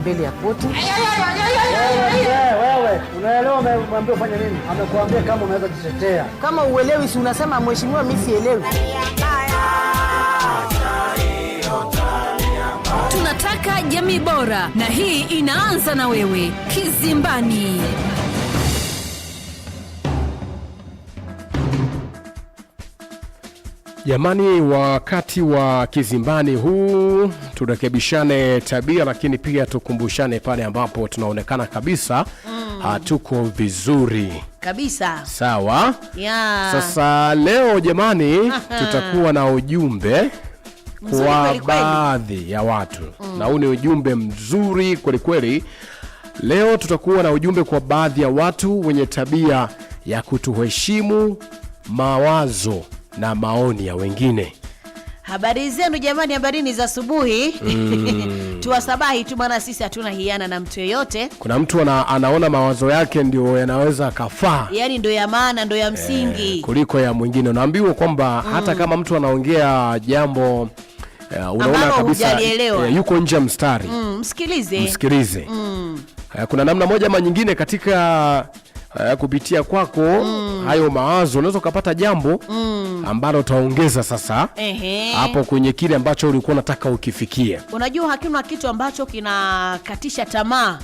mbele ya koti. Wewe unaelewa umeambiwa fanya nini? Amekuambia kama unaweza kujitetea. Kama uelewi, si unasema mheshimiwa, mimi sielewi. Tunataka jamii bora, na hii inaanza na wewe. Kizimbani. Jamani, wakati wa kizimbani huu turekebishane tabia, lakini pia tukumbushane pale ambapo tunaonekana kabisa mm, hatuko vizuri kabisa. Sawa yeah. Sasa leo jamani, tutakuwa na ujumbe kwa baadhi ya watu mm, na huu ni ujumbe mzuri kwelikweli. Leo tutakuwa na ujumbe kwa baadhi ya watu wenye tabia ya kutuheshimu mawazo na maoni ya wengine. Habari zenu jamani, habarini za asubuhi mm. Tuwasabahi tu, maana sisi hatuna hiana na mtu yeyote. Kuna mtu ana, anaona mawazo yake ndio yanaweza kafaa yani ndo ya maana, ndo ya eh, msingi eh, kuliko ya mwingine. Unaambiwa kwamba mm. hata kama mtu anaongea jambo eh, unaona kabisa eh, yuko nje ya mstari mm, msikilize, msikilize. Mm. Eh, kuna namna moja ama nyingine katika uh, kupitia kwako mm. hayo mawazo unaweza ukapata jambo mm. ambalo utaongeza sasa hapo kwenye kile ambacho ulikuwa unataka ukifikia. Unajua, hakuna kitu ambacho kinakatisha tamaa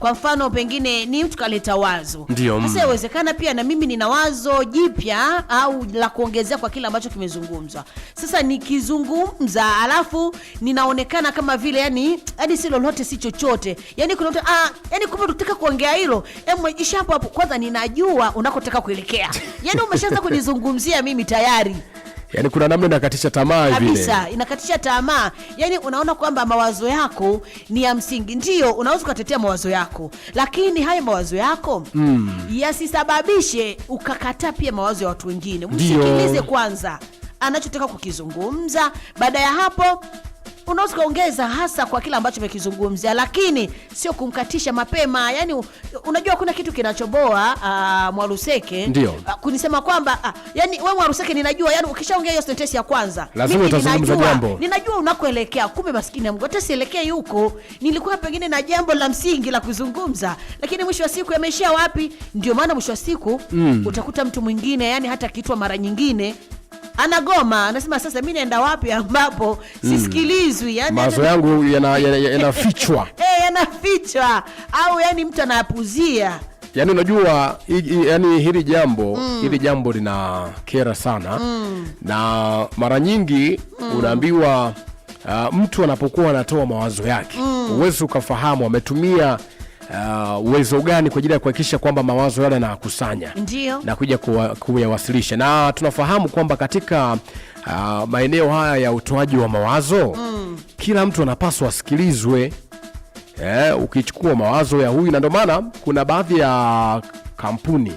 kwa mfano pengine ni mtu kaleta wazo, ndio mm. sasa, inawezekana pia na mimi nina wazo jipya au la kuongezea kwa kile ambacho kimezungumzwa. Sasa nikizungumza, alafu ninaonekana kama vile yani hadi si lolote si chochote, yani kuna mtu ah, yani kumbe tunataka kuongea hilo, hebu isha hapo hapo. Kwanza ninajua unakotaka kuelekea, yani umeshaanza kunizungumzia mimi tayari yani kuna namna inakatisha tamaa hivi kabisa, inakatisha tamaa. Yani unaona kwamba mawazo yako ni ya msingi, ndio unaweza ukatetea mawazo yako, lakini hayo mawazo yako mm. yasisababishe ukakataa pia mawazo ya watu wengine. Msikilize kwanza anachotaka kukizungumza. Baada ya hapo unaweza ukaongeza hasa kwa kile ambacho umekizungumzia, lakini sio kumkatisha mapema. Yani unajua kuna kitu kinachoboa uh, Mwaruseke ndio uh, kunisema kwamba uh, ah, yani we Mwaruseke, ninajua yani ukishaongea hiyo sentensi ya kwanza lazima utazungumza jambo, ninajua unakoelekea. Kumbe maskini ya Mungu, hata sielekei huko, nilikuwa pengine na jambo la msingi la kuzungumza, lakini mwisho wa siku yameishia wapi? Ndio maana mwisho wa siku mm, utakuta mtu mwingine yani hata kitwa mara nyingine anagoma, anasema sasa mi naenda wapi ambapo hmm. sisikilizwi? Yani mawazo yangu yanafichwa yanafichwa, au yani mtu anapuzia Yaani unajua yaani hili jambo mm. hili jambo lina kera sana mm. na mara nyingi mm. unaambiwa uh, mtu anapokuwa anatoa mawazo yake mm. uwezi ukafahamu ametumia uh, uwezo gani kwa ajili ya kuhakikisha kwamba mawazo yale yanakusanya na kuja kuyawasilisha, na tunafahamu kwamba katika uh, maeneo haya ya utoaji wa mawazo mm. kila mtu anapaswa asikilizwe. Eh, ukichukua mawazo ya huyu, na ndio maana kuna baadhi ya kampuni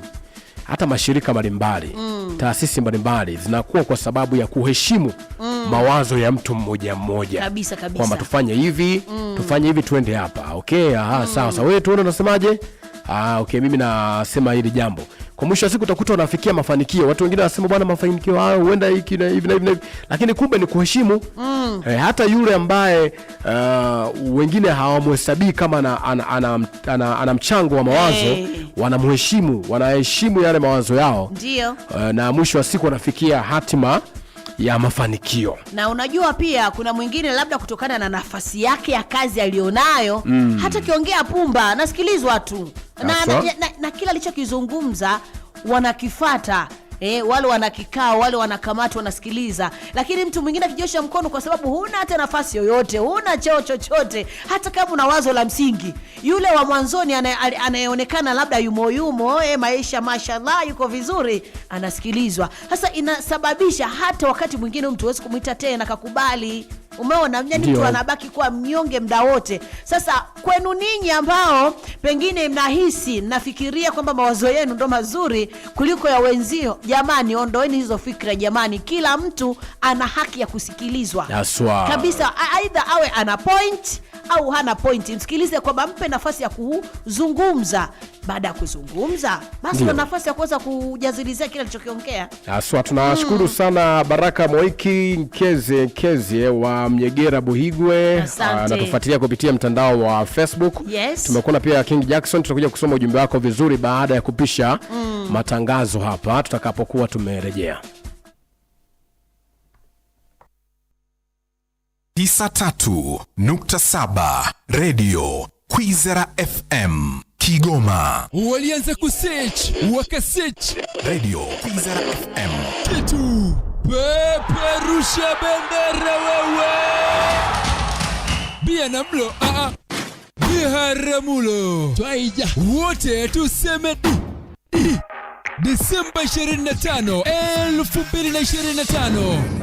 hata mashirika mbalimbali mm. taasisi mbalimbali zinakuwa kwa sababu ya kuheshimu mm. mawazo ya mtu mmoja mmoja kwamba tufanye hivi mm. tufanye hivi tuende hapa okay, aha, mm. sawa sawa, wewe tuone unasemaje? Ah, okay, mimi nasema hili jambo kwa mwisho wa siku utakuta unafikia mafanikio. Watu wengine wanasema bwana, mafanikio hayo huenda hiki na hivi na hivi, lakini kumbe ni kuheshimu mm. E, hata yule ambaye uh, wengine hawamhesabii kama ana, ana, ana, ana, ana, ana mchango wa mawazo hey. Wanamheshimu, wanaheshimu yale mawazo yao. Ndio. Uh, na mwisho wa siku wanafikia hatima ya mafanikio. Na unajua pia kuna mwingine labda kutokana na nafasi yake ya kazi aliyonayo, mm. hata kiongea pumba nasikilizwa tu na, na, na, na, na kila alichokizungumza wanakifata eh, wale wana kikao, wale wanakamati wanasikiliza, lakini mtu mwingine akijosha mkono, kwa sababu huna hata nafasi yoyote, huna cheo chochote, hata kama una wazo la msingi. Yule wa mwanzoni anayeonekana labda yumo yumo, eh, maisha mashallah, yuko vizuri, anasikilizwa. Sasa inasababisha hata wakati mwingine mtu huwezi kumwita tena kakubali. Umeona, mjane yaani mtu anabaki kuwa mnyonge mda wote. Sasa kwenu ninyi ambao pengine mnahisi mnafikiria kwamba mawazo yenu ndo mazuri kuliko ya wenzio, jamani, ondoeni hizo fikra jamani. Kila mtu ana haki ya kusikilizwa kabisa, aidha awe ana point au hana point. Msikilize kwamba mpe nafasi ya kuzungumza baada ya kuzungumza, basi na nafasi ya kuweza kujazilizia kile alichokiongea haswa. Tunashukuru mm. sana Baraka Moiki Nkeze Nkeze wa Mnyegera Buhigwe, anatufuatilia ah, kupitia mtandao wa Facebook. Yes. Tumekuona pia King Jackson, tutakuja kusoma ujumbe wako vizuri baada ya kupisha mm. matangazo hapa tutakapokuwa tumerejea. saba Radio Kwizera FM. Kigoma walianza kusearch wakasearch Radio Kwizera FM kitu peperusha bendera wewe bia na mlo a ah, a ah. biharamulo twaija wote tuseme du Disemba 25 2025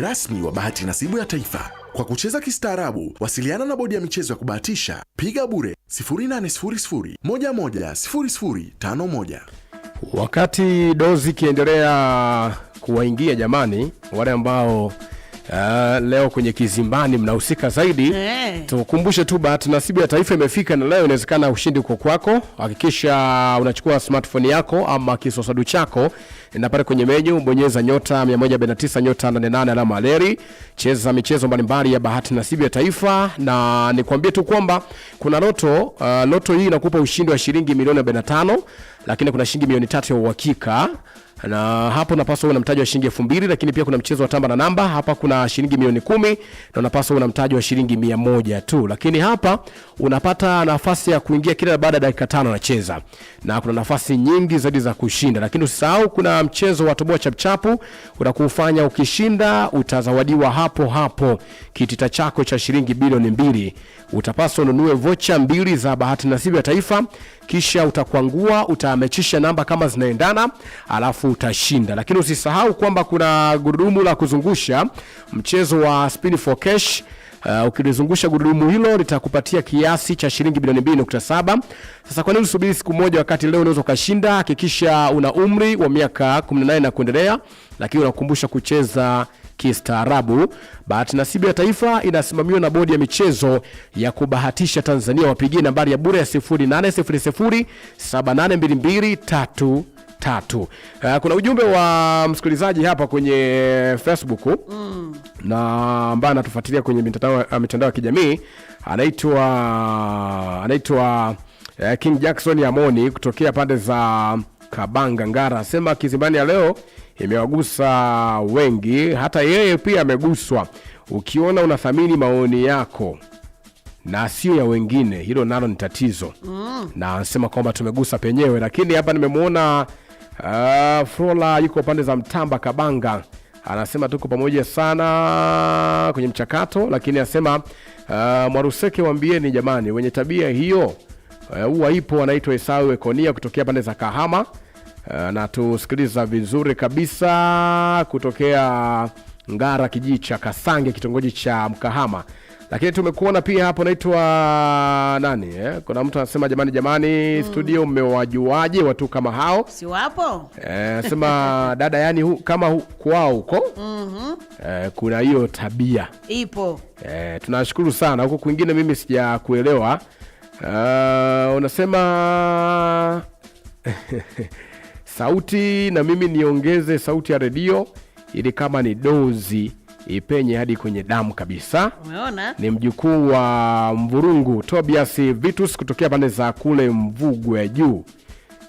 mchezaji rasmi wa bahati nasibu ya taifa. Kwa kucheza kistaarabu, wasiliana na bodi ya michezo ya kubahatisha, piga bure 0800 11 0051. Wakati dozi ikiendelea kuwaingia jamani, wale ambao Uh, leo kwenye kizimbani mnahusika zaidi hey. Eh. Tukumbushe tu bahati nasibu ya taifa imefika, na leo inawezekana ushindi uko kwako. Hakikisha unachukua smartphone yako ama kisosadu chako na pale kwenye menyu bonyeza nyota 149 nyota 88 alama aleri, cheza michezo mbalimbali ya bahati nasibu ya taifa, na nikwambie tu kwamba kuna loto uh, loto hii inakupa ushindi wa shilingi milioni 45, lakini kuna shilingi milioni tatu ya uhakika na hapo unapaswa una mtaji wa shilingi elfu mbili lakini pia kuna mchezo wa tamba na namba. Hapa kuna shilingi milioni kumi na unapaswa una mtaji wa shilingi mia moja tu, lakini hapa unapata nafasi ya kuingia kila baada ya dakika tano unacheza, na kuna nafasi nyingi zaidi za kushinda, lakini usisahau kuna mchezo wa toboa chapchapu utakufanya ukishinda utazawadiwa hapo hapo kitita chako cha shilingi bilioni mbili. Utapaswa ununue vocha mbili za bahati nasibu ya taifa, kisha utakwangua, utaamechisha namba kama zinaendana, alafu utashinda. Lakini usisahau kwamba kuna gurudumu la kuzungusha, mchezo wa spin for cash. Uh, ukilizungusha gurudumu hilo litakupatia kiasi cha shilingi bilioni 2.7. Sasa kwa nini usubiri siku moja wakati leo unaweza ukashinda? Hakikisha una umri wa miaka 18 na kuendelea, lakini unakumbusha kucheza kistaarabu. Bahati nasibu ya taifa inasimamiwa na bodi ya michezo ya kubahatisha Tanzania. Wapigie nambari ya bure ya 0800 782223 tatu. Uh, kuna ujumbe wa msikilizaji hapa kwenye Facebook mm. na ambaye anatufuatilia kwenye mitandao eh, ya kijamii anaitwa anaitwa uh, King Jackson Yamoni kutokea pande za Kabanga Ngara, asema Kizimbani ya leo imewagusa wengi, hata yeye pia ameguswa. Ukiona unathamini maoni yako na sio ya wengine, hilo nalo ni tatizo mm. na anasema kwamba tumegusa penyewe, lakini hapa nimemwona Uh, Frola yuko pande za Mtamba Kabanga, anasema tuko pamoja sana kwenye mchakato, lakini anasema uh, Mwaruseke waambieni jamani, wenye tabia hiyo eh, huwa uh, ipo. Anaitwa Esau Ekonia kutokea pande za Kahama uh, na tusikiliza vizuri kabisa kutokea Ngara, kijiji cha Kasange, kitongoji cha Mkahama. Lakini tumekuona pia hapo naitwa nani eh? Kuna mtu anasema jamani, jamani mm. Studio mmewajuaje watu kama hao? Si wapo? Eh, sema dada yani hu, kama hu, kwao huko mm -hmm. eh, kuna hiyo tabia ipo. Eh, tunashukuru sana huko kwingine mimi kuelewa Uh, eh, unasema sauti na mimi niongeze sauti ya redio ili kama ni dozi ipenye hadi kwenye damu kabisa. Umeona? Ni mjukuu wa Mvurungu Tobias Vitus kutokea pande za kule ya juu.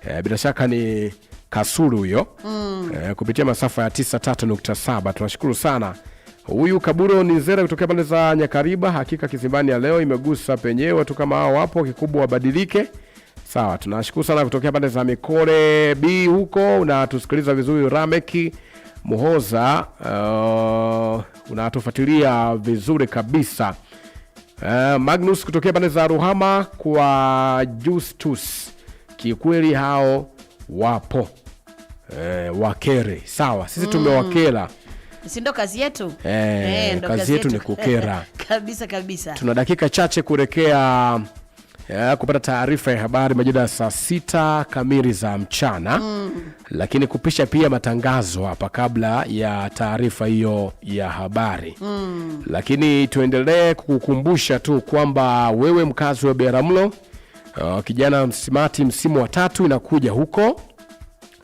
E, bila shaka ni Kasulu huyo mm. E, kupitia masafa ya 93.7 tunashukuru sana huyu Kaburo ni Zera kutokea pande za Nyakariba. Hakika Kizimbani ya leo imegusa penyewe, watu kama hao wapo, kikubwa wabadilike. Sawa, tunashukuru sana kutokea pande za Mikore B huko, na tusikiliza vizuri Rameki Muhoza uh, unatufuatilia vizuri kabisa. Uh, Magnus kutokea pande za Ruhama kwa Justus, kikweli hao wapo uh, wakere. Sawa, sisi mm. tumewakera mm. Si ndo kazi yetu eh, eh, kazi yetu ni kukera kabisa kabisa. Tuna dakika chache kuelekea ya kupata taarifa ya habari majira ya saa sita kamili za mchana mm. Lakini kupisha pia matangazo hapa kabla ya taarifa hiyo ya habari mm. Lakini tuendelee kukukumbusha tu kwamba wewe mkazi wa beramlo uh, kijana msimati, msimu wa tatu inakuja huko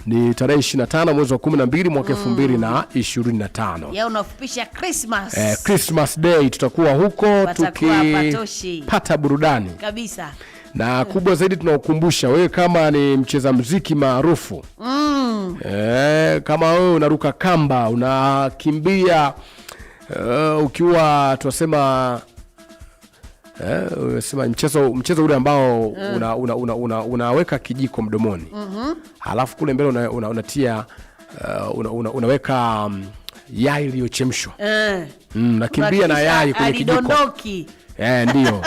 ni tarehe 25 mwezi wa 12 mwaka 2025. Mm. Ya unafupisha Christmas. Eh, Christmas Day tutakuwa huko tukipata burudani kabisa, na kubwa zaidi tunaukumbusha wewe kama ni mcheza mziki maarufu mm. eh, kama wewe unaruka kamba unakimbia, uh, ukiwa tunasema eh, mchezo, mchezo ule ambao mm. una, una, una, una, unaweka kijiko mdomoni mm -hmm. alafu kule mbele una, una, unatia uh, una, una, unaweka um, yai iliyochemshwa eh. mm. mm, nakimbia na yai kwenye kijiko eh, ndio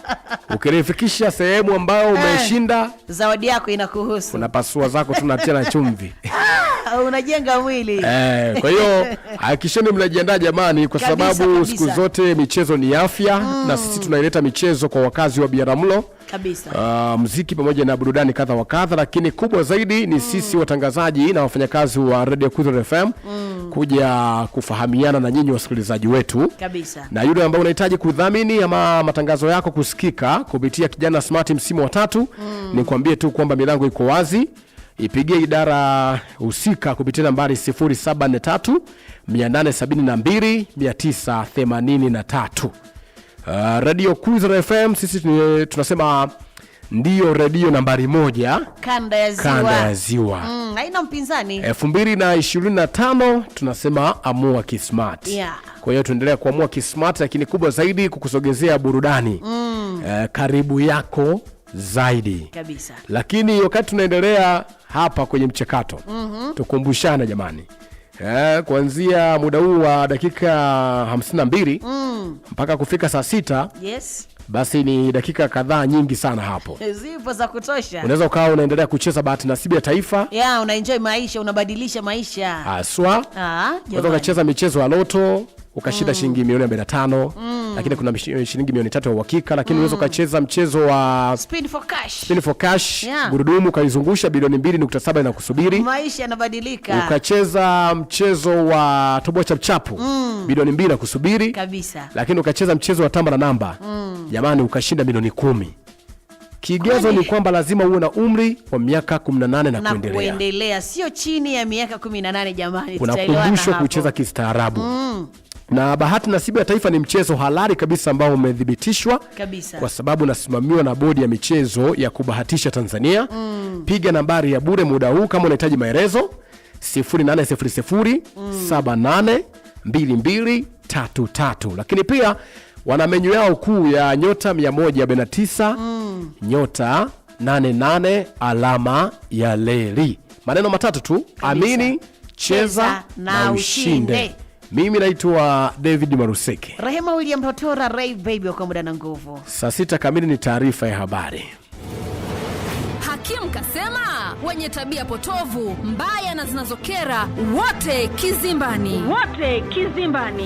ukirifikisha sehemu ambayo umeshinda eh, zawadi yako inakuhusu. Kuna pasua zako tunatia na chumvi unajenga mwili eh. Kwa hiyo hakikisheni mnajiandaa jamani, kwa kabisa, sababu kabisa. Siku zote michezo ni afya mm. na sisi tunaileta michezo kwa wakazi wa biaramlo kabisa. Uh, ah, mziki pamoja na burudani kadha wa kadha, lakini kubwa zaidi ni mm. sisi watangazaji na wafanyakazi wa Radio Kwizera FM mm. kuja kufahamiana na nyinyi wasikilizaji wetu kabisa. Na yule ambaye unahitaji kudhamini ama matangazo yako kusikika kupitia Kijana Smart msimu wa tatu mm. ni kuambie tu kwamba milango iko wazi ipigie idara husika kupitia nambari 073 872 983. Uh, Radio Kwizera FM sisi tunasema ndiyo redio nambari moja kanda ya ziwa, kanda ya ziwa. Mm, haina mpinzani. 2025 tunasema amua kismart yeah. Kwa hiyo tuendelea kuamua kismart, lakini kubwa zaidi kukusogezea burudani mm. Uh, karibu yako zaidi kabisa. Lakini wakati tunaendelea hapa kwenye mchakato mm -hmm. tukumbushana jamani eh, kuanzia muda huu wa dakika 52 mm. mpaka kufika saa sita yes. Basi ni dakika kadhaa nyingi sana hapo, zipo za kutosha. Unaweza ukawa unaendelea kucheza bahati nasibu ya taifa ya, unaenjoy maisha, unabadilisha maisha haswa. Ah, Unaweza ukacheza michezo ya loto ukashinda mm. shilingi milioni 45 mm. lakini kuna eh, shilingi milioni tatu ya uhakika, lakini unaweza mm. ukacheza mchezo wa Spin for Cash, Spin for Cash yeah. gurudumu ukaizungusha bilioni 2.7 na kusubiri. Maisha yanabadilika. Ukacheza mchezo wa toboa chapchapu mm. bilioni 2 na kusubiri kabisa, lakini ukacheza mchezo wa tamba na namba mm. jamani, ukashinda milioni kumi. Kigezo ni kwamba lazima uwe na umri wa miaka 18 na, na kuendelea. Kuendelea sio chini ya miaka 18 jamani, Kuna tunakumbushwa kucheza kistaarabu mm na bahati nasibu ya taifa ni mchezo halali kabisa ambao umethibitishwa kabisa, kwa sababu unasimamiwa na bodi ya michezo ya kubahatisha Tanzania. Mm. Piga nambari ya bure muda huu kama unahitaji maelezo 0800 lakini pia wana menyu yao kuu ya nyota 149 mm. nyota 88 alama ya leli. Maneno matatu tu, amini, cheza, cheza na ushinde, ushinde. Mimi naitwa David Maruseke. Rehema William Rotora, Ray Baby kwa muda na nguvu. Saa sita kamili ni taarifa ya habari. hakimu kasema wenye tabia potovu mbaya na zinazokera wote kizimbani, wote kizimbani.